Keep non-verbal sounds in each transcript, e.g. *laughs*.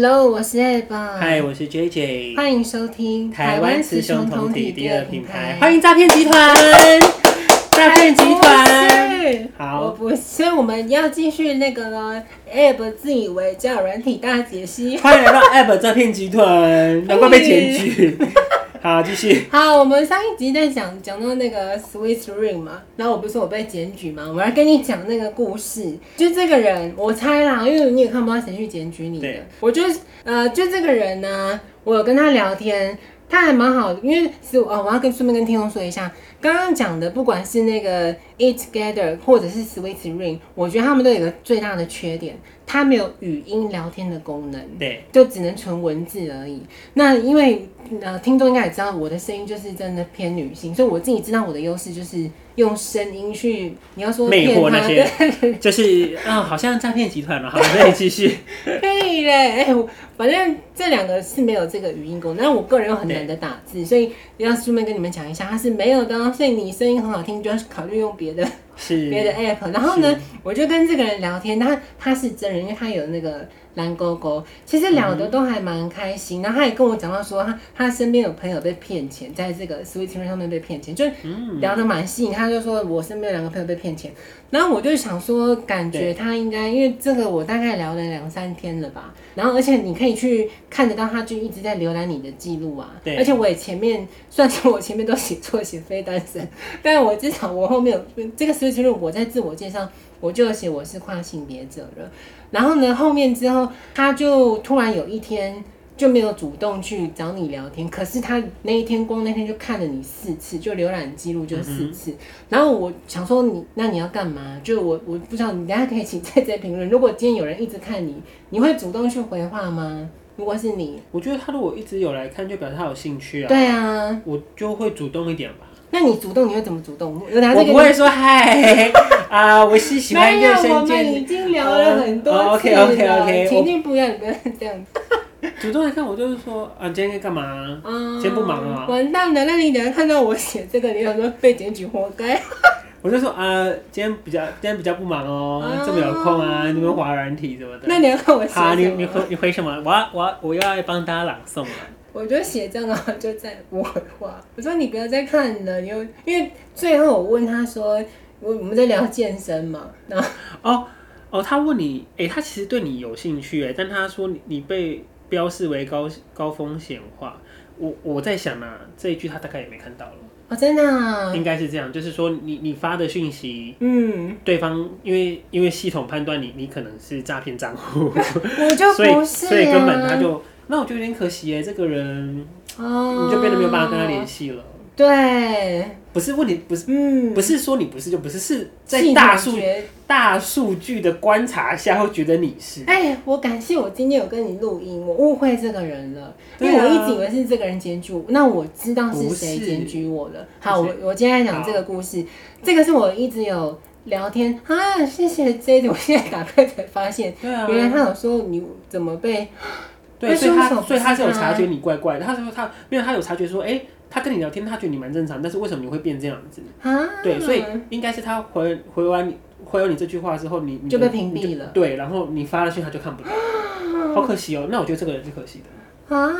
Hello，我是 Ab。嗨，我是 JJ。歡迎收聽台灣雌雄同體第二品牌。歡迎詐騙集團。詐 *laughs* 騙集團。好。我不，所以我們要繼續那個呢。Ab 自以為叫軟體大解析。歡迎來到 Ab 詐騙集團。 *laughs* 難怪被檢舉。 *laughs* 好、啊，繼續。好，我們上一集在講，講到那個 SweetRing 嘛，然後我不是說我被檢舉嗎？我來跟你講那個故事，就這個人，我猜啦，因為你也看不到誰去檢舉你的。的。我就呃，就這個人呢、啊，我有跟他聊天。它還蠻好的，因為是、哦、我要跟順便跟聽眾說一下，剛剛講的，不管是那個 Eat Together 或者是 Sweet Ring，我覺得他們都有一個最大的缺點，它沒有語音聊天的功能，對，就只能純文字而已。那因為呃，聽眾應該也知道我的聲音就是真的偏女性，所以我自己知道我的優勢就是。用聲音去，你要說騙他魅惑那些，就是啊、哦，好像詐騙集團嘛。好，再繼續。 *laughs* 可以嘞，哎、欸，反正這兩個是沒有這個語音功能。但我個人又很懶得打字，所以要順便跟你們講一下，他是沒有的、喔。所以你聲音很好聽，就要考慮用別的是。別的 app。然後呢，我就跟這個人聊天，他他是真人，因為他有那個。藍勾勾，其實聊得都還蠻開心、嗯，然後他也跟我講到說他，他他身邊有朋友被騙錢，在這個 Sweet t e 上面被騙錢，就是聊得蠻吸引，他就說我身邊有兩個朋友被騙錢。然後我就想說，感覺他應該，因為這個我大概聊了兩三天了吧。然後，而且你可以去看得到，他就一直在瀏覽你的記錄啊。對，而且我也前面算是我前面都寫錯，寫非單身。但是我至少我後面有這個 switch，我在自我介紹我就寫我是跨性別者了。然後呢，後面之後他就突然有一天。就沒有主動去找你聊天，可是他那一天光那天就看了你四次，就瀏覽記錄就四次，嗯。然後我想說，你那你要幹嘛？就我我不知道，大家可以請直接評論。如果今天有人一直看你，你會主動去回話嗎？如果是你，我覺得他如果一直有來看，就表示他有興趣啊。對啊，我就會主動一點吧。那你主動你會怎麼主動？我，個我不會說嗨啊、 *laughs* 呃，我是喜歡沒有，我們已經聊了很多，哦哦，o、okay, k OK OK，請進，不要不要這樣子。 *laughs* 主動來看我就說，就是說啊，今天幹嘛、啊嗯？今天不忙啊？完蛋了！那你等下看到我寫這個，你有沒有被檢舉活，活該。我就說啊，今天比較今天比較不忙哦，嗯、這麼有空啊？你們滑軟體什麼的？那你要看我寫？啊，你你回你回什麼？我我我要幫大家朗誦了。我就寫這個，就在我畫。我說你不要再看了，因為因為最後我問他說，我我們在聊健身嘛？然後哦哦，他問你，哎、欸，他其實對你有興趣，哎，但他說你你被。標示為高高風險的話我我在想啊，這一句他大概也沒看到了、oh, 真的、啊、應該是這樣，就是說你你發的訊息，嗯，對方因為因為系統判斷你你可能是詐騙賬戶， *laughs* 我就不是、啊所，所以根本他就那我就有點可惜哎、欸，這個人、oh, 你就變得沒有辦法跟他聯繫了，對。不是問題，不是，嗯，不是說你不是就不是，是、嗯，在大數大數據的觀察下，會覺得你是。哎、欸，我感謝我今天有跟你錄音，我誤會這個人了、啊，因為我一直以為是這個人檢舉，那我知道是誰檢舉我的。好，我我今天來講這個故事，這個是我一直有聊天啊，謝謝 Jade，我現在打開才發現，對啊，原來他有說你怎麼被，對、啊呵呵對，所以他，他，他所以他是有察覺你怪怪的，他說他，因為他有察覺說，哎、欸。他跟你聊天，他覺得你蠻正常，但是為什麼你會變這樣子呢？啊，對，所以應該是他回回完你回完你這句話之後，你你就被屏蔽了。對，然後你發了信，他就看不到。好可惜哦、喔。那我覺得這個人是可惜的啊，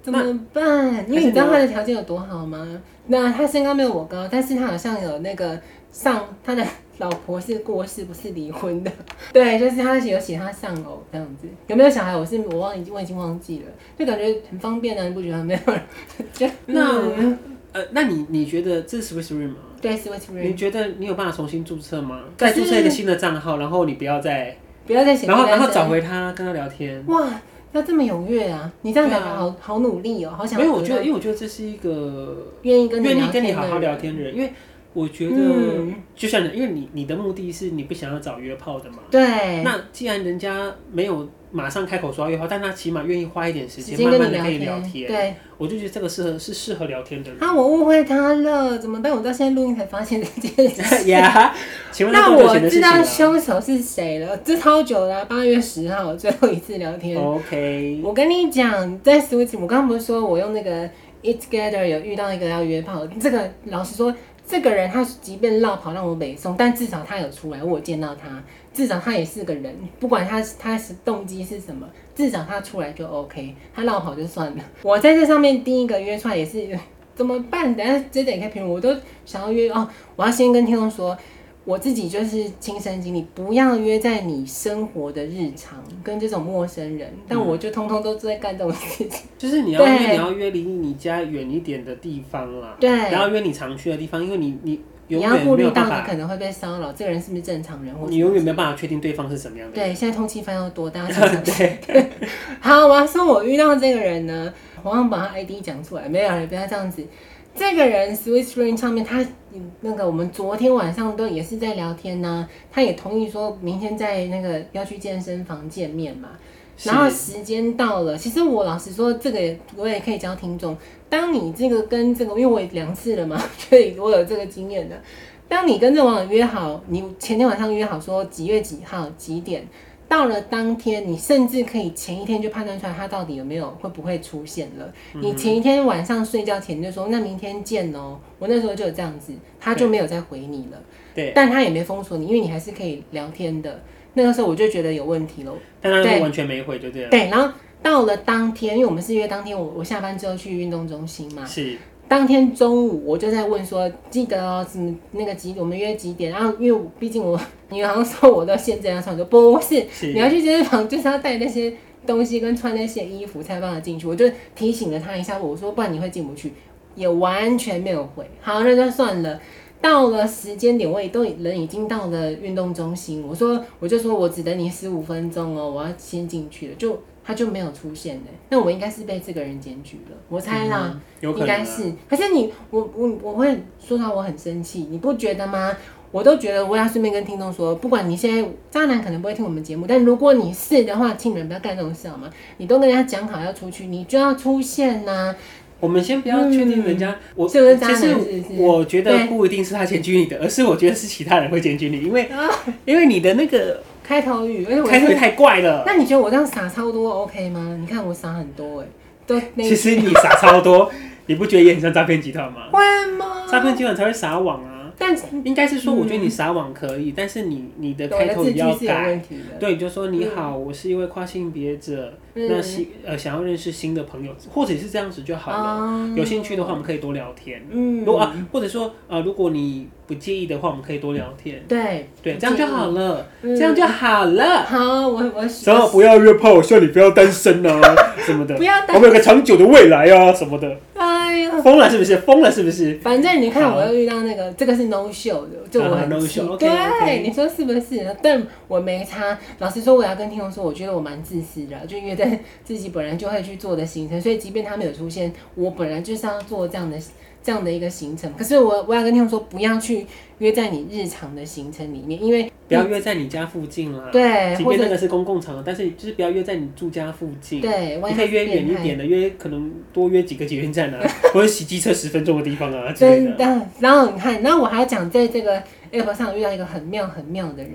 怎麼辦？因為你知道他的條件有多好嗎？那他身高沒有我高，但是他好像有那個。上他的老婆是過世，不是離婚的。對，就是他寫有寫他上偶這樣子，有沒有小孩？我是我忘記，我已經忘記了，就感覺很方便啊，你不覺得沒有那、 *laughs* 嗯呃？那那你你覺得這是 Swiss Room *laughs* 嗎？對，Swiss Room。你覺得你有辦法重新註冊嗎？再註冊一個新的賬號，然後你不要再不要再寫，然後然後找回他，跟他聊天。哇，要這麼踴躍啊！你這樣子好好努力哦，好想。因為我覺得，因為我覺得這是一個願意跟願意跟你好好聊天的人，因為。我覺得就，就、嗯、像因為你你的目的是你不想要找約炮的嘛，對。那既然人家沒有馬上開口說要約炮，但他起碼願意花一點時間，慢慢的跟你聊天，對。我就覺得這個適合是適合聊天的人。啊，我誤會他了，怎麼辦？我到現在錄音才發現這件事情。 *laughs* yeah, 情,事情、啊、 *laughs* 那我知道凶手是誰了，這超久了、啊，八月十號最後一次聊天。OK，我跟你講，在 Switch 我剛剛不是說我用那個 Eat Together 有遇到一個要約炮，這個老實說。這個人他即便落跑讓我北送，但至少他有出來，我見到他，至少他也是個人。不管他他是動機是什麼，至少他出來就 OK，他落跑就算了。我在這上面第一個約出來也是怎麼辦？等下直接點開屏幕，我都想要約哦，我要先跟天龍說。我自己就是親身經歷，不要約在你生活的日常跟這種陌生人。但我就通通都在幹這種事情，嗯、就是你要約你要約離你家遠一點的地方啦。對，不要約你常去的地方，因為你你要顧慮到你可能會被騷擾，這個人是不是正常人或？你永遠沒有辦法確定對方是什麼樣的。對，現在通緝犯要多大家？對 *laughs* 對。 *laughs* 好，我要說，我遇到這個人呢，我忘了把他 ID 講出來，沒有人，不要這樣子。這個人，Swiss Rain 上面，他那個我們昨天晚上都也是在聊天吶、啊。他也同意說，明天在那個要去健身房見面嘛。然後時間到了，其實我老實說，這個我也可以教聽眾，當你這個跟這個，因為我也兩次了嘛，所以我有這個經驗的。當你跟這個網友約好，你前天晚上約好說幾月幾號幾點。到了當天，你甚至可以前一天就判斷出來他到底有沒有會不會出現了、嗯。你前一天晚上睡覺前就說：“那明天見哦。”我那時候就有這樣子，他就沒有再回你了。對，但他也沒封鎖你，因為你還是可以聊天的。那個時候我就覺得有問題咯。但他就完全沒回就，就這樣。對，然後到了當天，因為我們是約當天，我我下班之後去運動中心嘛。是。當天中午我就在問說，記得嗯、喔、那個幾，我們約幾點？然、啊、後因為畢竟我，你好像說我到現在要上，我就不是，是，你要去健身房就是要帶那些東西跟穿那些衣服才有辦法進去。我就提醒了他一下，我說不然你會進不去，也完全沒有回。好，那就算了。到了時間點，我也都人已經到了運動中心，我說我就說我只等你十五分鐘哦、喔，我要先進去了就。他就沒有出現呢？那我們應該是被這個人檢舉了，我猜啦，有可能啊、應該是。可是你，我我我會說到我很生氣，你不覺得嗎？我都覺得，我要順便跟聽眾說，不管你現在渣男可能不會聽我們節目，但如果你是的話，請你們不要幹這種事好嗎？你都跟人家講好要出去，你就要出現吶、啊。我們先不要確定人家、嗯、我是不是渣男是是，就是、我覺得不一定是他檢舉你的，而是我覺得是其他人會檢舉你，因為 *laughs* 因為你的那個。開頭語，開頭語太怪了。那你覺得我這樣撒超多 OK 嗎？你看我撒很多誒、欸。對，其實你撒超多， *laughs* 你不覺得也很像詐騙集團嗎？會嗎？詐騙集團才會撒網啊。但是、嗯、應該是說，我覺得你撒網可以，嗯、但是你你的開頭你要改，對，你就說你好、嗯，我是一位跨性別者，嗯、那新呃想要認識新的朋友，或者是這樣子就好了。嗯、有興趣的話，我們可以多聊天。嗯，如啊，或者說啊、呃，如果你不介意的話，我們可以多聊天。嗯、對對，這樣就好了，這樣就好了。嗯好，了嗯、好，我我然後不要約炮，我希望你不要單身啊， *laughs* 什麼的，不要，我們有個長久的未來啊，什麼的。瘋了，了，是不是？瘋了是不是？反正你看，我又遇到那個，這個是 no show 的，就我很、uh -huh, no show、okay。Okay. 對，你說是不是？但我沒差。老實說，我要跟聽眾說，我覺得我蠻自私的，就約在自己本來就會去做的行程，所以即便他沒有出現，我本來就是要做這樣的。這樣的一個行程，可是我我要跟他們說，不要去約在你日常的行程裡面，因為不要約在你家附近啦、啊嗯。對，即便那個是公共場合，但是就是不要約在你住家附近。對，你可以約遠一點的，的，約可能多約幾個捷運站啊， *laughs* 或者洗機車十分鐘的地方啊真的。然後你看，然後我還要講，在這個 App 上遇到一個很妙很妙的人，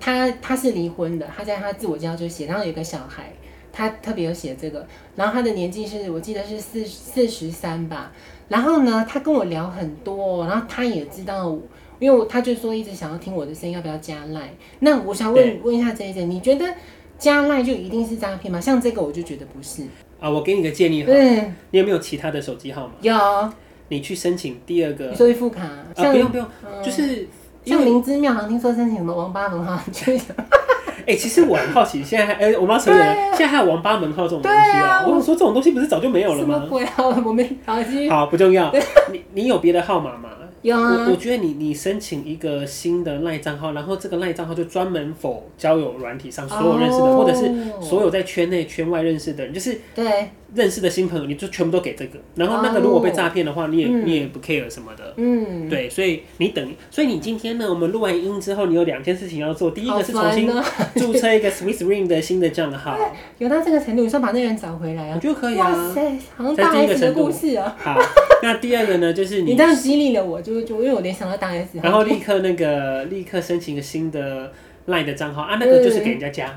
他他是離婚的，他在他自我介紹就寫，然後有一個小孩，他特別有寫這個，然後他的年紀是我記得是四四十三吧。然後呢，他跟我聊很多，然後他也知道我，因為他就說一直想要聽我的聲音，要不要加賴？那我想問問一下，這一點，你覺得加賴就一定是詐騙嗎？像這個，我就覺得不是。啊，我給你個建議嗯，你有沒有其他的手機號碼？有，你去申請第二個，你說一副卡，不用、啊、不用，不用嗯、就是像林之妙行，好像聽說申請什麼王八龍哈。就 *laughs* 哎、欸，其實我很好奇，現在哎、欸，我媽承認、啊，現在還有王八門號這種東西、喔、啊？我跟你說，這種東西不是早就沒有了嗎？什麼鬼啊！我們好，好，不重要。 *laughs* 你你有別的號碼嗎？有、啊。我我覺得你你申請一個新的 LINE 賬號，然後這個 LINE 賬號就專門否交友軟體上所有認識的，oh, 或者是所有在圈內圈外認識的人，就是對。認識的新朋友，你就全部都給這個，然後那個如果被詐騙的話，啊哦、你也、嗯、你也不 care 什麼的，嗯，對，所以你等，所以你今天呢，我們錄完音之後，你有兩件事情要做，第一個是重新注冊一個 SweetRing *laughs* 的新的賬號，有到這個程度，你說把那個人找回來、啊，我覺得可以啊，哇塞，好像大 S 的故事啊，才是第一個程度！好，那第二個呢，就是你，你這樣激勵了我，就就因為我聯想到大 S，然後立刻那個立刻申請一個新的 Line 的賬號啊，那個就是給人家加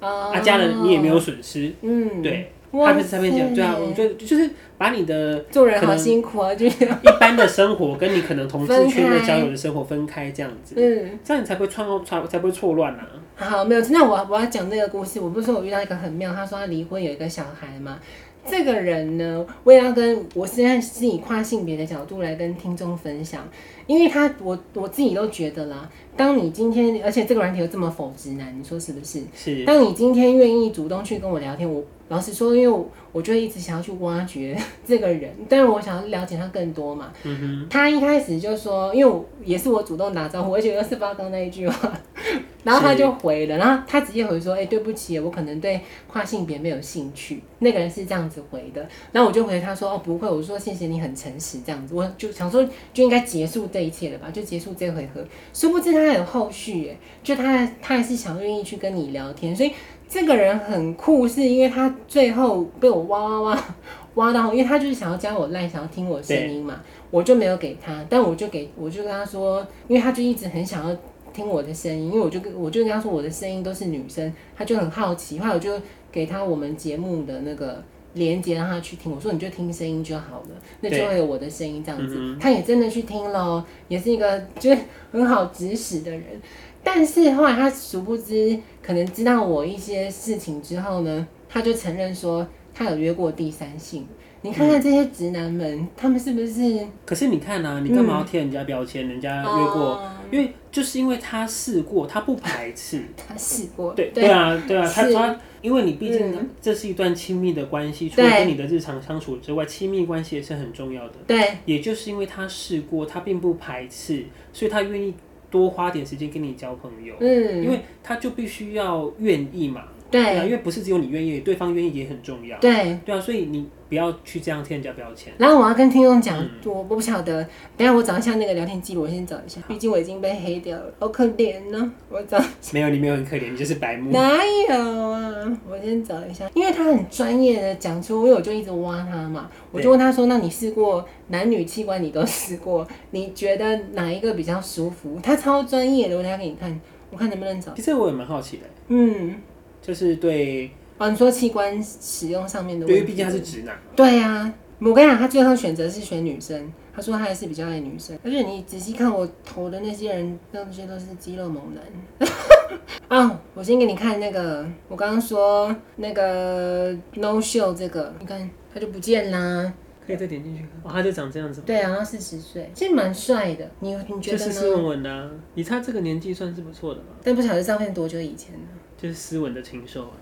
啊,啊，加了你也沒有損失，嗯，對。他們上面講，對啊，我覺得就是把你的做人好辛苦啊，就是一般的生活 *laughs* 跟你可能同志圈的交友的生活分開這樣子，嗯，這樣你才會錯錯才才不會錯亂吶。好，沒有，那我我要講這個故事，我不是說我遇到一個很妙，他說他離婚有一個小孩嘛，這個人呢，我也要跟我現在是以跨性別的角度來跟聽眾分享，因為他我我自己都覺得啦，當你今天而且這個軟體又這麼否直男，你說是不是？是，當你今天願意主動去跟我聊天，嗯、我。老實說，因為我，我就一直想要去挖掘這個人，但是我想要了解他更多嘛。嗯哼。他一開始就說，因為也是我主動打招呼，而且又是剛剛那一句話， *laughs* 然後他就回了，然後他直接回說：“哎、欸，對不起，我可能對跨性別沒有興趣。”那個人是這樣子回的，然後我就回他說：“哦，不會，我就說謝謝你很誠實，這樣子，我就想說就應該結束這一切了吧，就結束這回合。”殊不知他還有後續，就他他還是想願意去跟你聊天，所以。這個人很酷，是因為他最後被我挖挖挖挖到，因為他就是想要加我賴，想要聽我聲音嘛，我就沒有給他，但我就給，我就跟他說，因為他就一直很想要聽我的聲音，因為我就跟我就跟他說我的聲音都是女生，他就很好奇，後來我就給他我們節目的那個連接，讓他去聽，我說你就聽聲音就好了，那就會有我的聲音這樣子，嗯嗯，他也真的去聽咯，也是一個就是很好指使的人。但是後來他殊不知，可能知道我一些事情之後呢，他就承認說他有約過第三性。你看看這些直男們、嗯，他們是不是？可是你看啊，你幹嘛要貼人家標籤？人家約過、嗯哦，因為就是因為他試過，他不排斥。他試過。對對啊，對啊，他他，因為你畢竟這是一段親密的關係、嗯，除了跟你的日常相處之外，親密關係也是很重要的。對。也就是因為他試過，他並不排斥，所以他願意。多花點時間跟你交朋友，嗯，因為他就必須要願意嘛。對啊，因為不是只有你願意，對方願意也很重要。對對啊，所以你不要去這樣貼人家標籤。然後我要跟聽眾講，我、嗯、我不曉得，等一下我找一下那個聊天記錄，我先找一下，畢竟我已經被黑掉了，好可憐呢、啊。我找沒有，你沒有很可憐，你就是白目。哪有啊？我先找一下，因為他很專業的講出，因為我有就一直挖他嘛，我就問他說：“那你試過男女器官，你都試過，你覺得哪一個比較舒服？”他超專業的，我來給你看，我看能不能找。其實我也蠻好奇的、欸，嗯。就是對哦，你說器官使用上面的問題，因為畢竟他是直男。對呀、啊，我跟你講，他最後選擇是選女生。他說他還是比較愛女生。而且你仔細看我投的那些人，那些都是肌肉猛男。 *laughs* 哦，我先給你看那個，我剛剛說那個 No Show 這個，你看他就不見啦。可以再點進去看，看、哦。他就長這樣子。對啊，他四十歲，其實蠻帥的。你你覺得呢？斯、就是、斯文文的、啊，你這個年紀算是不錯的。但不曉得照片多久以前就是斯文的禽獸啊！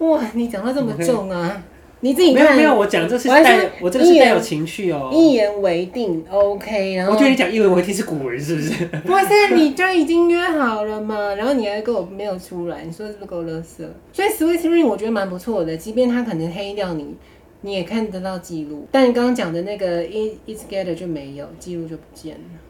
哇，你講的這麼重啊！Okay. 你自己沒有沒有，我講這是帶我，我這是帶有情緒哦、喔。一言為定，OK。我覺得你講一言為定是古文是不是？不是，你這已經約好了嘛，然後你還跟我沒有出來，你說是不是夠樂色？所以 Sweet Ring 我覺得蠻不錯的，即便他可能黑掉你，你也看得到記錄。但剛剛講的那個 It, It's Gather 就沒有記錄，就不見了。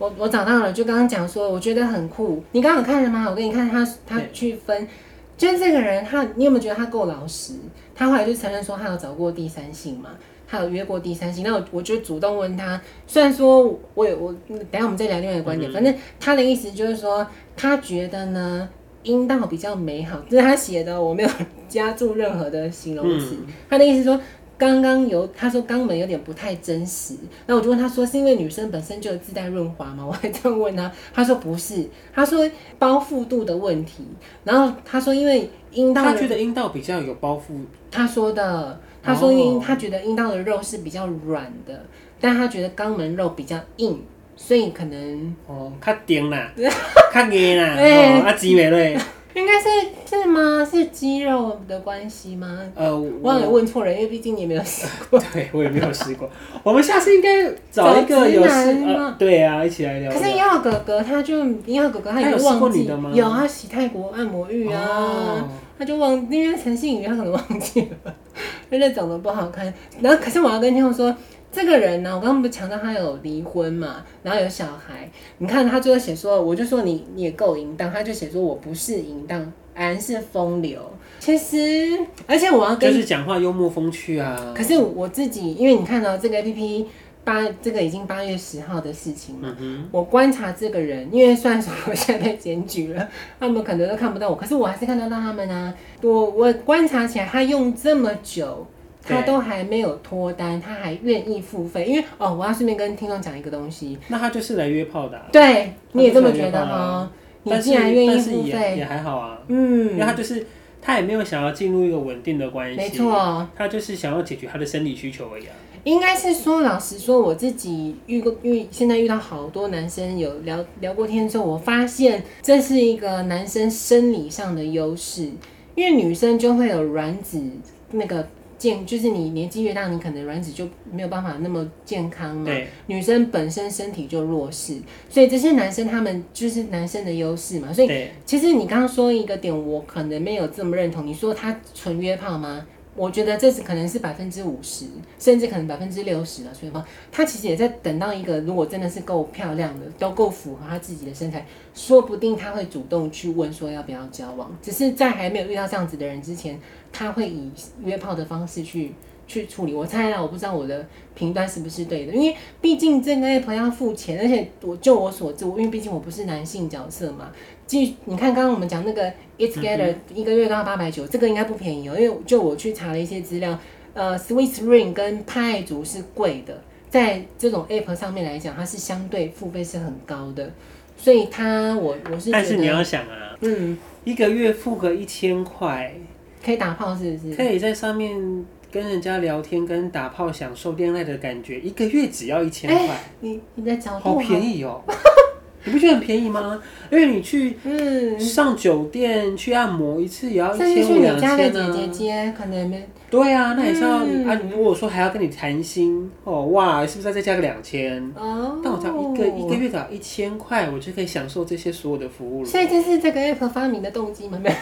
我我找到了，就剛剛講說，我覺得很酷。你剛有看了嗎？我給你看他他去分，就是這個人他，你有沒有覺得他夠老實？他後來就承認說他有找過第三性嘛，他有約過第三性。那我我就主動問他，雖然說我有我等下我們再聊另外一個觀點，嗯嗯，反正他的意思就是說，他覺得呢陰道比較美好。就是他寫的，我沒有加注任何的形容詞。嗯。他的意思說。剛剛有他說肛門有點不太真實，那我就問他說是因為女生本身就有自帶潤滑嗎？我還這樣問他，他說不是，他說包覆度的問題。然後他說因為陰道，他覺得陰道比較有包覆，他說的，他說因為陰他覺得陰道的肉是比較軟的，哦，但他覺得肛門肉比較硬，所以可能哦卡硬啦，卡 *laughs* 硬低啦，阿吉梅勒。欸啊 *laughs* 應該是是嗎？是肌肉的關係嗎？呃，我忘了問錯人，因為畢竟你也沒有試過、呃。對，我也沒有試過。我們下次應該找，找一個有試、呃、對啊，一起來聊，聊。可是英浩哥哥他就英浩哥哥他忘記，他有試過你的嗎？有啊，他洗泰國按摩浴啊，哦、他就忘，因為陳信宇他可能忘記了，因 *laughs* 為長得不好看。然後，可是我要跟天浩說。這個人呢、啊，我剛剛不強調他有離婚嘛，然後有小孩。你看他最後寫說，我就說你你也夠淫蕩，他就寫說我不是淫蕩，而是風流。其實，而且我要跟就是講話幽默風趣啊、嗯。可是我自己，因為你看到這個 APP 八這個已經八月十號的事情嘛、嗯，我觀察這個人，因為算是我現在檢舉了，他們可能都看不到我，可是我還是看得到,到他們啊。我我觀察起來，他用這麼久。他都還沒有脫單，他還願意付費，因為哦，我要順便跟聽眾講一個東西。那他就是來約炮的、啊。對，你也這麼覺得既然願意付費，也還好啊，嗯，因為他就是他也沒有想要進入一個穩定的關係，沒錯，他就是想要解決他的生理需求而已、啊。應該是說，老實說，我自己遇過遇現在遇到好多男生有聊聊過天之後，我發現這是一個男生生理上的優勢，因為女生就會有卵子那個。健，就是你年紀越大，你可能卵子就沒有辦法那麼健康嘛。對，女生本身身體就弱勢，所以這些男生他們就是男生的優勢嘛。所以其實你剛剛說一個點，我可能沒有這麼認同。你說他純約炮嗎？我覺得這可能是百分之五十，甚至可能百分之六十了。所以說，他其實也在等到一個，如果真的是夠漂亮的，都夠符合他自己的身材，說不定他會主動去問說要不要交往。只是在還沒有遇到這樣子的人之前，他會以約炮的方式去。去處理，我猜啦，我不知道我的評斷是不是對的，因為畢竟這個 app 要付錢，而且我就我所知，因為畢竟我不是男性角色嘛。繼你看剛剛我們講那個 It's Gather、嗯、一個月都要八百九，這個應該不便宜哦、喔，因為就我去查了一些資料，呃，Sweet Ring 跟派族是貴的，在這種 app 上面來講，它是相對付費是很高的，所以它我我是，但是你要想啊，嗯，一個月付個一千塊，可以打炮是不是？可以在上面。跟人家聊天、跟打炮、享受戀愛的感覺，一個月只要一千塊。你你在找好便宜哦、喔！你不覺得很便宜嗎？因為你去嗯上酒店去按摩一次也要一千五兩千呢。對啊，那你要按摩如果說還要跟你談心哦、喔，哇，是不是要再加個兩千？哦，但我講一個一個月只要一千塊，我就可以享受這些所有的服務了。所以這是這個 app 發明的動機嗎？沒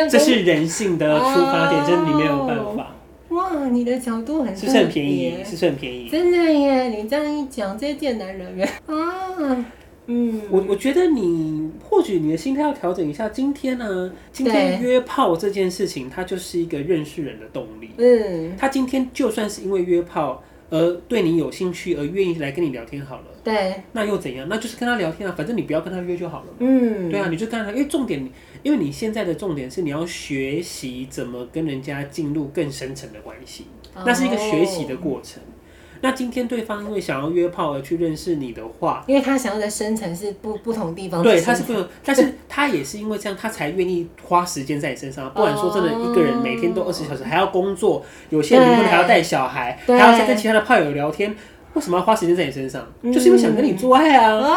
有，這是人性的出發點，真的沒有辦法。哇，你的角度很是不是很便宜？是不是很便宜？真的耶！你這樣一講，這賤男人啊，嗯。我我覺得你或許你的心態要調整一下。今天呢、啊，今天約炮這件事情，它就是一個認識人的動力。嗯。他今天就算是因為約炮而對你有興趣，而願意來跟你聊天好了。對。那又怎樣？那就是跟他聊天啊，反正你不要跟他約就好了。嗯。對啊，你就跟他，因為重點。因為你現在的重點是你要學習怎麼跟人家進入更深層的關係，那是一個學習的過程。Oh. 那今天對方因為想要約炮而去認識你的話，因為他想要在深層是不不同地方，對他是不用，但是他也是因為這樣，他才願意花時間在你身上。不管說真的，一個人每天都二十小時還要工作，有些人可能還要帶小孩，還要跟其他的炮友聊天，為什麼要花時間在你身上？嗯。就是因為想跟你做愛啊。Oh.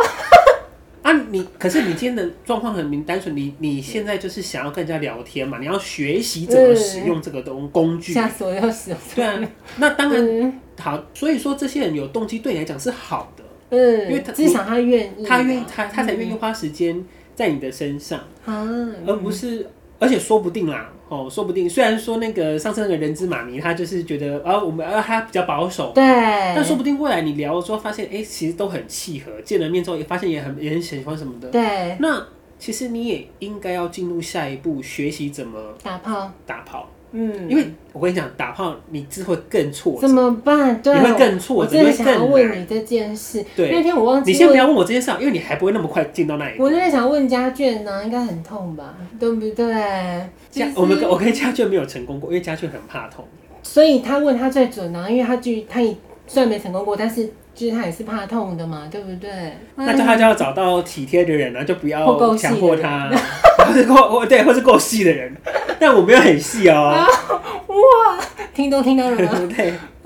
啊，你可是你今天的狀況很明，單純你你現在就是想要跟人家聊天嘛，你要學習怎麼使用這個東工具。下使用。對啊，那當然好，所以說這些人有動機對你來講是好的，嗯，因為他至少他願意，他願意，他他才願意花時間在你的身上，嗯，而不是，而且說不定啦。哦，說不定雖然說那個上次那個人之馬迷他就是覺得啊、呃，我們啊、呃、他比較保守，對。但說不定未來你聊了之後發現，哎、欸，其實都很契合。見了面之後也發現也很也很喜歡什麼的，對。那其實你也應該要進入下一步，學習怎麼打炮打炮。嗯，因為我跟你講，打炮你只會更錯，怎麼辦？對，你會更錯。我真的想要問你這件事。對，那天我忘記。你先不要問我這件事，因為你還不會那麼快進到那裡。我正在想問家俊呢、啊，應該很痛吧，對不對？家，我們我跟家俊沒有成功過，因為家俊很怕痛，所以他問他最準呢、啊，因為他就他也雖然沒成功過，但是就是他也是怕痛的嘛，對不對？嗯、那就他就要找到體貼的人了、啊，就不要強迫他，或過細的人、啊、 *laughs* 或是夠對，或是夠細的人。但我沒有很細哦、喔 *laughs* 啊。哇，聽都聽到了，嗎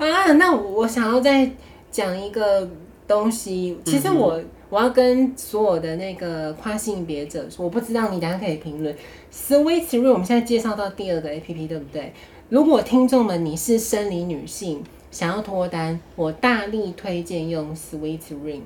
*laughs* 啊，那我想要再講一個東西。其實我、嗯、我要跟所有的那個跨性別者說，我不知道你等下可以評論。Sweet Ring，我們現在介紹到第二個 APP，對不對？如果聽眾們你是生理女性，想要脫單，我大力推薦用 Sweet Ring。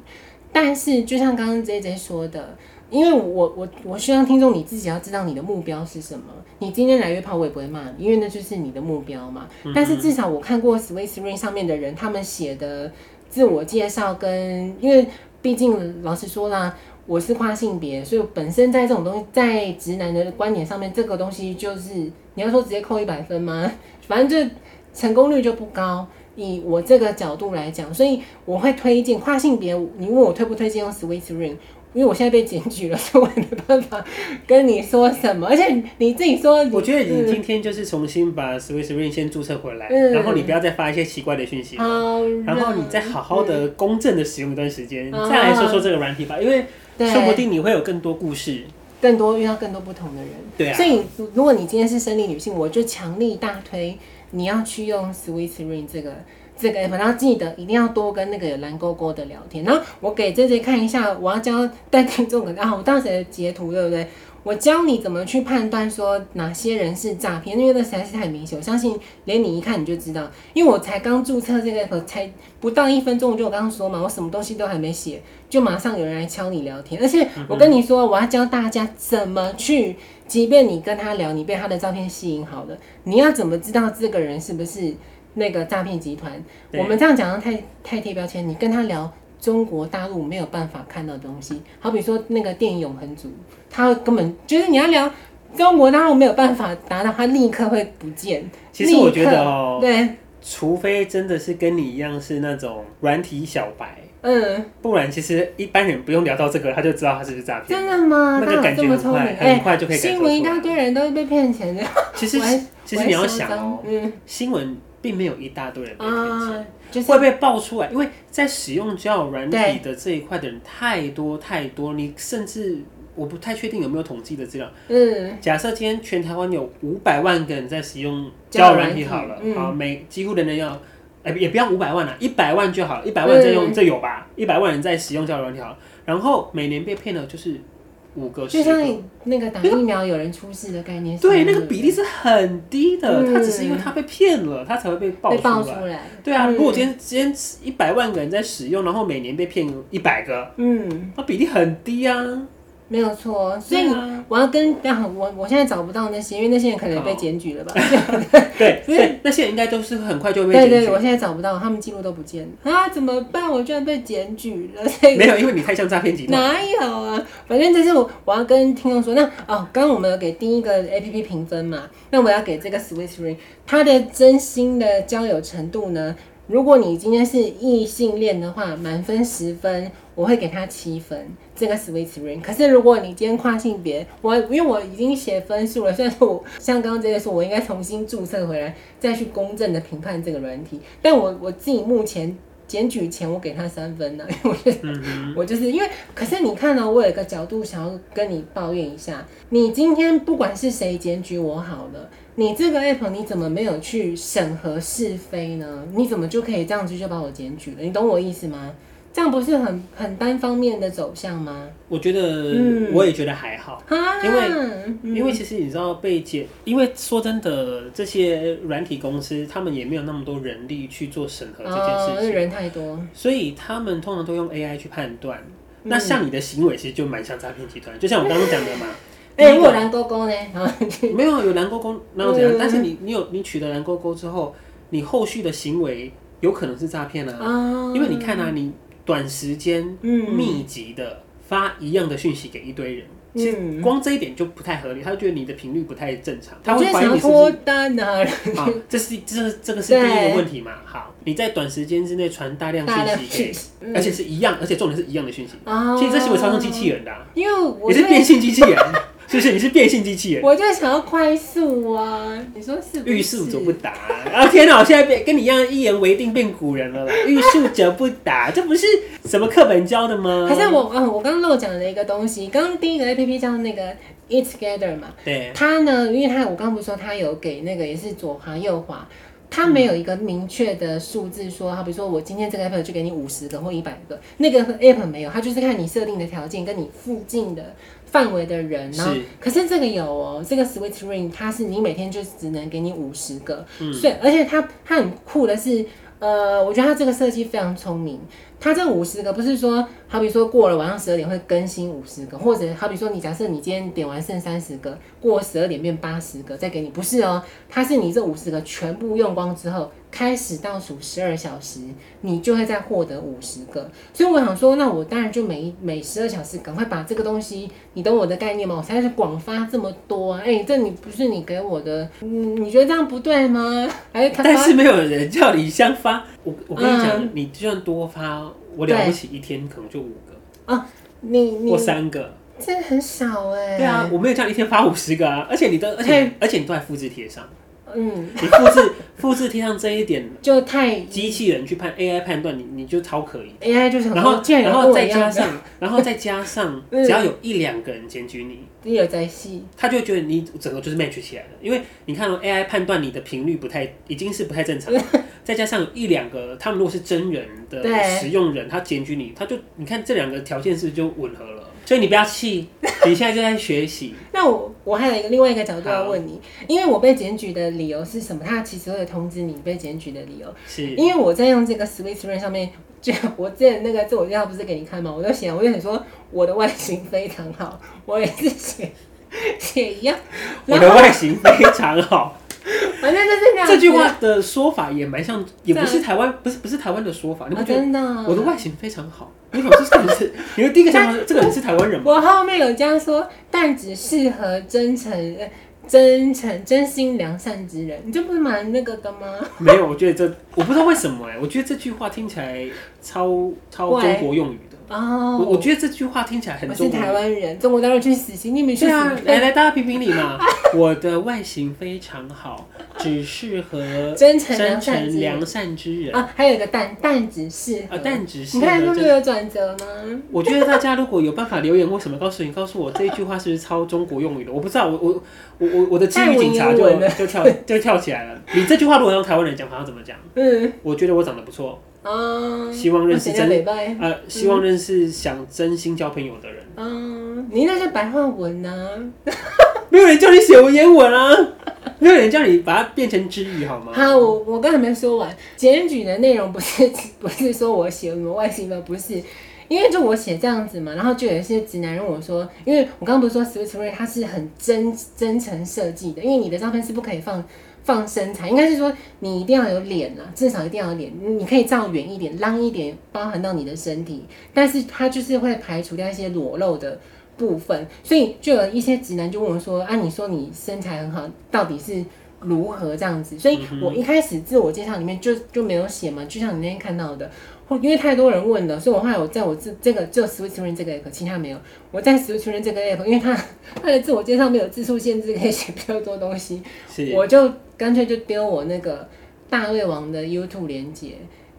但是，就像剛剛 J J 說的。因為我我我希望聽眾你自己要知道你的目標是什麼。你今天來約炮我也不會罵，因為那就是你的目標嘛。但是至少我看過 SweetRing 上面的人他們寫的自我介紹跟，因為畢竟老實說啦，我是跨性別，所以我本身在這種東西在直男的觀點上面，這個東西就是你要說直接扣一百分嗎？反正就成功率就不高，以我這個角度來講，所以我會推薦跨性別。你問我推不推薦用 SweetRing？因為我現在被檢舉了，所以我沒辦法跟你說什麼。而且你自己說，我覺得你今天就是重新把 SweetRing 先註冊回來，嗯，然後你不要再發一些奇怪的訊息好，然後你再好好的、嗯、公正的使用一段時間，你再來說說這個軟體吧、啊。因為說不定你會有更多故事，更多遇到更多不同的人。對啊，所以如果你今天是生理女性，我就強力大推你要去用 SweetRing 這個。這個，然後記得一定要多跟那個有藍勾勾的聊天。然後我給 JJ 看一下，我要教帶聽眾的、啊，我當時截圖對不對？我教你怎麼去判斷說哪些人是詐騙，因為那實在是太明顯。我相信連你一看你就知道，因為我才剛註冊這個，才不到一分鐘，我就我剛剛說嘛，我什麼東西都還沒寫，就馬上有人來敲你聊天。而且我跟你說，我要教大家怎麼去，即便你跟他聊，你被他的照片吸引好了，你要怎麼知道這個人是不是？那個詐騙集團，我們這樣講的太太貼標籤。你跟他聊中國大陸沒有辦法看到的東西，好比說那個電影《永恆族》，他根本就是你要聊中國大陸沒有辦法達到，他立刻會不見。其實我覺得、喔，對，除非真的是跟你一樣是那種軟體小白，嗯，不然其實一般人不用聊到這個，他就知道他是不是詐騙。真的嗎？那就感覺很快，欸、很快就可以。新聞一大堆人都是被騙錢的。其實， *laughs* 其實你要想、喔，嗯，新聞。並沒有一大堆人被騙錢，uh, 就是，會被爆出來，因為在使用交友軟體的這一塊的人太多太多，你甚至我不太確定有沒有統計的資料。嗯，假設今天全台灣有五百萬個人在使用交友軟體好了，啊，嗯，每幾乎人人要，欸，也不要五百萬了，啊，一百萬就好了，一百萬在用，嗯，這有吧？一百萬人在使用交友軟體好了，然後每年被騙的，就是。五個十個，就像那個打疫苗有人出事的概念是的，對，那個比例是很低的。他、嗯、只是因為他被騙了，他才會被爆，被爆出來。對啊，嗯、如果今天今天一百萬個人在使用，然後每年被騙一百個，嗯，那比例很低啊。沒有錯，所以我要跟，yeah. 我我現在找不到那些，因為那些人可能也被檢舉了吧、oh. 對 *laughs* 對？對，所以對那些人應該都是很快就會被檢舉了。對,對,對，我現在找不到，他們記錄都不見了啊！怎麼辦？我居然被檢舉了所以？沒有，因為你太像詐騙集團。哪有啊？反正就是我我要跟聽眾說，那哦，剛我們有給第一個 A P P 評分嘛，那我要給這個 Swiss Ring，它的真心的交友程度呢？如果你今天是異性戀的話，滿分十分。我會給他七分，這個 Sweet Ring。可是如果你今天跨性別，我因為我已經寫分數了，雖然說我像剛剛這個說，我應該重新注冊回來再去公正的評判這個軟體。但我我自己目前檢舉前，我給他三分呢，因為我就是、嗯我就是、因為，可是你看到、哦、我有一個角度想要跟你抱怨一下，你今天不管是誰檢舉我好了，你這個 App 你怎麼沒有去審核是非呢？你怎麼就可以這樣子就把我檢舉了？你懂我意思嗎？這樣不是很很單方面的走向嗎？我覺得，嗯、我也覺得還好，啊、因為、嗯、因為其實你知道被解，因為說真的，這些軟體公司他們也沒有那麼多人力去做審核這件事情、哦，人太多，所以他們通常都用 AI 去判斷、嗯。那像你的行為，其實就蠻像詐騙集團、嗯，就像我剛剛講的嘛。哎、欸，有藍勾勾呢？ *laughs* 沒有，有藍勾勾那又怎樣、嗯？但是你你有你取得藍勾勾之後，你後續的行為有可能是詐騙了，因為你看啊，你。短時間、密集的發一樣的訊息給一堆人，其實光這一點就不太合理。他就覺得你的頻率不太正常，他會懷疑你是不是。好，這是這是這個是第一個問題嘛？好，你在短時間之內傳大量訊息，而且是一樣，而且重點是一樣的訊息。其實這是我操縱機器人的、啊，因為我是電信機器人。 *laughs* 就是你是變性機器人，我就想要快速啊！你說是不是？欲速則不達 *laughs* 啊！天哪，我現在變跟你一樣，一言為定變古人了啦！欲速則不達， *laughs* 這不是什麼課本教的嗎？好像我剛、呃、我剛剛漏講了一個東西，剛剛第一個 A P P 叫那個 Eat Together 嘛，對，它呢，因為它我剛剛不是說它有給那個也是左滑右滑。它沒有一個明確的數字說，好、嗯、比如說我今天這個 app 就給你五十個或一百個，那個 app 沒有，它就是看你設定的條件跟你附近的範圍的人，然後是可是這個有哦，這個 SweetRing 它是你每天就只能給你五十個、嗯，所以而且它它很酷的是，呃，我覺得它這個設計非常聰明。他這五十個不是說，好比說過了晚上十二點會更新五十個，或者好比說你假設你今天點完剩三十個，過十二點變八十個再給你，不是哦，他是你這五十個全部用光之後，開始倒數十二小時，你就會再獲得五十個。所以我想說，那我當然就每每十二小時趕快把這個東西，你懂我的概念嗎？我才是廣發這麼多，啊。誒、欸、這你不是你給我的、嗯，你覺得這樣不對嗎？哎，但是沒有人叫李湘發。我我跟你講、嗯，你就算多發，我了不起一天可能就五個啊、哦，你我三個，這很少哎、欸。對啊，我沒有這樣一天發五十個啊，而且你都，而且、嗯、而且你都在複製貼上。嗯， *laughs* 你複製、複製、貼上這一點就太機器人去判 AI 判斷你，你就超可以 AI 就是。然後，然後， *laughs* 然後再加上，然後再加上，只要有一兩個人檢舉你，你有在戲，他就覺得你整個就是 match 起來的，因為你看、喔、AI 判斷你的頻率不太已經是不太正常， *laughs* 再加上有一兩個他們如果是真人的使用人，他檢舉你，他就你看這兩個條件是不是就吻合了？所以你不要氣，你現在就在學習。 *laughs* 那我我還有一個另外一個角度要問你，因為我被檢舉的理由是什麼？他其實會通知你被檢舉的理由。是，因為我在用這個 SweetRing 上面就，我之前那個自我介紹不是給你看嗎？我都寫，我就想說我的外形非常好，我也是寫寫一樣，我的外形非常好。 *laughs* 反正就是。這句話的說法也蠻像，也不是台灣，不是不是台灣的說法。你覺得我的外形非常好？你可是這個人，你的第一個想法是這個人是、這個是台灣人嗎我？我後面有這樣說，但只適合真誠、真誠、真心良善之人。你這不是蠻那個的嗎？ *laughs* 沒有，我覺得這我不知道為什麼哎、欸，我覺得這句話聽起來超超中國用語。哦、oh,，我覺得這句話聽起來很中國。我是台灣人，中國大陸去死習，你有沒去啊？來來，大家評評理嘛。 *laughs* 我的外形非常好，只適合真誠良善之人啊。還有一個淡淡子系啊，淡子系。你看路路、這個、有轉折嗎？我覺得大家如果有辦法留言或什麼，告訴你告訴我這一句話是不是抄中國用語的？我不知道，我我我我的詞語警察就就跳就跳起來了。 *laughs* 你這句話如果用台灣人講，好要怎麼講？嗯，我覺得我長得不錯。啊、uh,，希望認識真呃，希望認識想真心交朋友的人。啊、uh,，你那是白話文吶、啊 *laughs* 啊，沒有人叫你寫文言文啊，沒有人叫你把它變成知語好嗎？好，我我剛才沒說完，檢舉的內容不是不是說我寫什麼外星人，不是，因為就我寫這樣子嘛，然後就有些直男問我說，因為我剛剛不是說 SweetRing 它是很真真誠設計的，因為你的照片是不可以放。放身材應該是說你一定要有臉啊，至少一定要有臉。你可以照遠一點、浪一點，包含到你的身體，但是它就是會排除掉一些裸露的部分。所以就有一些直男就問我說：“啊，你說你身材很好，到底是如何這樣子？”所以我一開始自我介紹裡面就就沒有寫嘛，就像你那天看到的。因為太多人問了，所以我後來我在我這這個就 SweetRing 這個 app，其他沒有。我在 SweetRing 這個 app，因為他他的自我介紹沒有字數限制，可以寫比較多東西。是，我就乾脆就丟我那個大胃王的 YouTube 連結。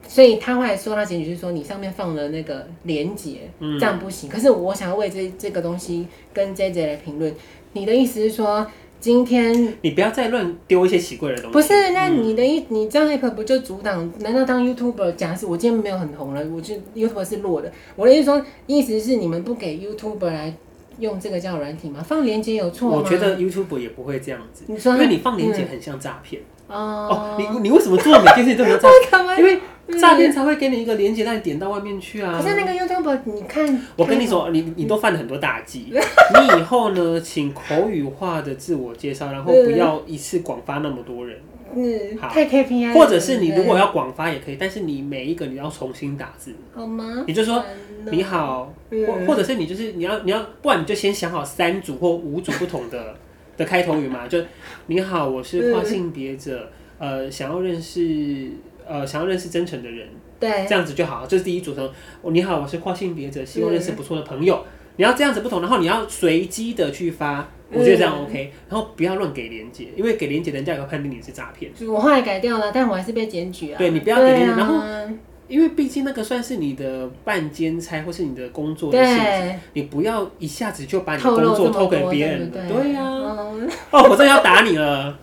所以他後來說，他經理是說你上面放了那個連結，嗯，這樣不行。可是我想要為這這個東西跟 JJ 來評論。你的意思是說？今天你不要再亂丟一些奇怪的東西。不是，嗯、那你的意，你這樣 App 不就阻擋？難道當 YouTuber 假使我今天沒有很紅了，我就 YouTuber 是弱的？我的意思說，意思是你們不給 YouTuber 來用這個叫軟體嗎？放鏈接有錯嗎？我覺得 YouTuber 也不會這樣子。你說，因為你放鏈接很像詐騙。嗯哦、oh, *laughs* 你你為什麼做每件事都要贊？ *laughs* 因為詐騙才會給你一個連結讓你點到外面去啊。可、嗯、是那個 YouTube 你看，我跟你說，你你都犯了很多大忌。 *laughs* 你以後呢，請口語化的自我介紹，然後不要一次廣發那麼多人。 *laughs* 嗯，好，太 KPI。或者是你如果要廣發也可以，但是你每一個你要重新打字好嗎？你就說 *laughs* 你好，或、嗯、或者是你就是你要你要，不然你就先想好三組或五組不同的。 *laughs* 的開頭語嘛，就你好，我是跨性別者、嗯，呃，想要認識，呃，想要認識真誠的人，對，這樣子就好。這、就是第一組成，你好，我是跨性別者，希望認識不錯的朋友、嗯。你要這樣子不同，然後你要隨機的去發，我覺得這樣、嗯、OK。然後不要亂給連結，因為給連結的人家也會判定你是詐騙。我後來改掉了，但我還是被檢舉啊。對，你不要給連結，啊、然後。因為畢竟那個算是，你的半兼差，或是你的工作的性質，你不要一下子就把你的工作偷給別人。對呀、啊嗯，哦，我真的要打你了！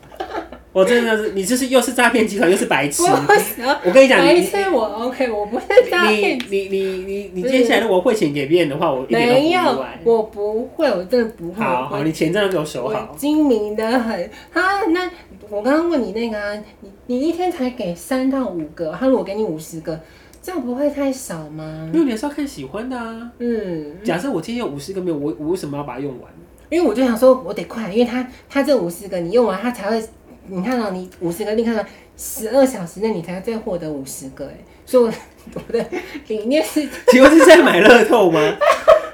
*laughs* 我真的，你這是又是詐騙集團，又是白痴。我， *laughs* 我跟你講，白痴我，你你我 OK，我不是詐騙你你你你，你接下來如果匯錢給別人的話，我沒有，我不會，我真的不會。好，好，你錢真的給我守好，精明的很好，那。我剛剛問你那個、啊，你你一天才給三到五個，他如果給你五十個，這樣不會太少嗎？沒有，你還是要看喜歡的啊。嗯，假設我今天有五十個沒有，我我為什麼要把它用完？因為我就想說，我得快，因為他他這五十個你用完，他才會，你看到你五十個，你看到十二小時內你才會再獲得五十個，誒。所以我的理念是，請問是在買樂透嗎？ *laughs*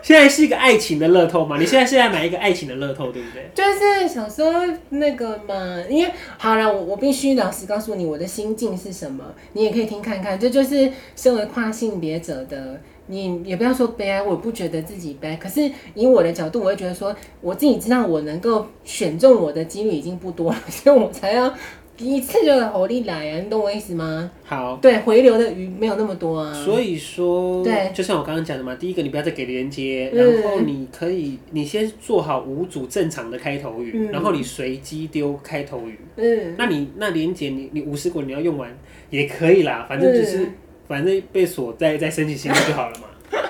現在是一個愛情的樂透嗎？你現在是在買一個愛情的樂透，對不對？就是想說那個嘛，因為好了，我我必須老實告訴你，我的心境是什麼，你也可以聽看看。這就，就是身為跨性別者的，你也不要說悲哀，我不覺得自己悲哀。可是以我的角度，我會覺得說，我自己知道我能夠選中我的幾率已經不多了，所以我才要。第一次就活力來啊！你懂我意思嗎？好，對回流的魚沒有那麼多啊。所以說，對，就像我剛剛講的嘛，第一個你不要再給連接，然後你可以你先做好五組正常的開頭語，嗯，然後你隨機丟開頭語。嗯，那你那連接你你五十個你要用完也可以啦，反正就是，是反正被鎖在在申請期內就好了嘛。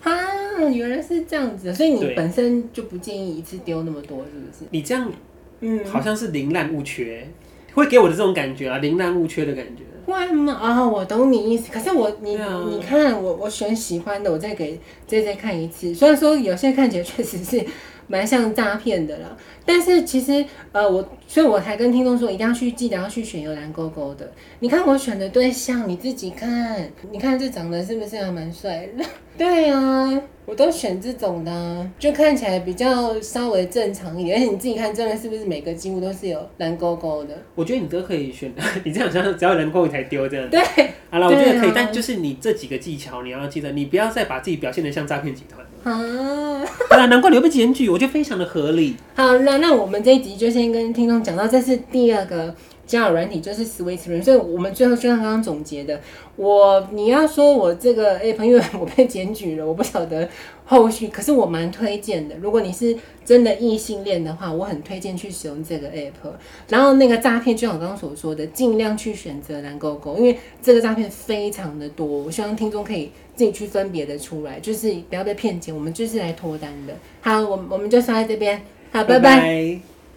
哈， *laughs* 原來是這樣子的，所以你本身就不建議一次丟那麼多，是不是？你這樣，嗯，好像是零亂勿缺。會給我的這種感覺啊，寧濫勿缺的感覺。為什麼啊？我懂你意思，可是我你、yeah。你看我我選喜歡的，我再給 J J 看一次。雖然說有些人看起來確實是，蠻像詐騙的啦，但是其實呃，我所以我才跟聽眾說一定要去記得要去選有藍勾勾的。你看我選的對象，你自己看，你看這長得是不是還蠻帥的？ *laughs* 對啊，我都選這種的，就看起來比較稍微正常一點。而且你自己看這邊是不是每個幾乎都是有藍勾勾的？我覺得你都可以選，呵呵，你這樣只要只要人勾你才丟這樣。對，好啦，我覺得可以、啊，但就是你這幾個技巧你要記得，你不要再把自己表現得像詐騙集團。好，那 *laughs* 難怪你會被檢舉，我覺得非常的合理。好了，那我們這一集就先跟聽眾講到，這是第二個交友軟體，就是 SweetRing，所以我們最後就像剛剛總結的，我你要說我這個 app，因為我被檢舉了，我不曉得後續。可是我蠻推薦的，如果你是真的異性戀的話，我很推薦去使用這個 app。然後那個詐騙，就像我剛剛所說的，儘量去選擇藍勾勾，因為這個詐騙非常的多。我希望聽眾可以。自己去分別的出來，就是不要被騙錢。我們就是來脫單的。好，我們我們就上在這邊。好，拜拜。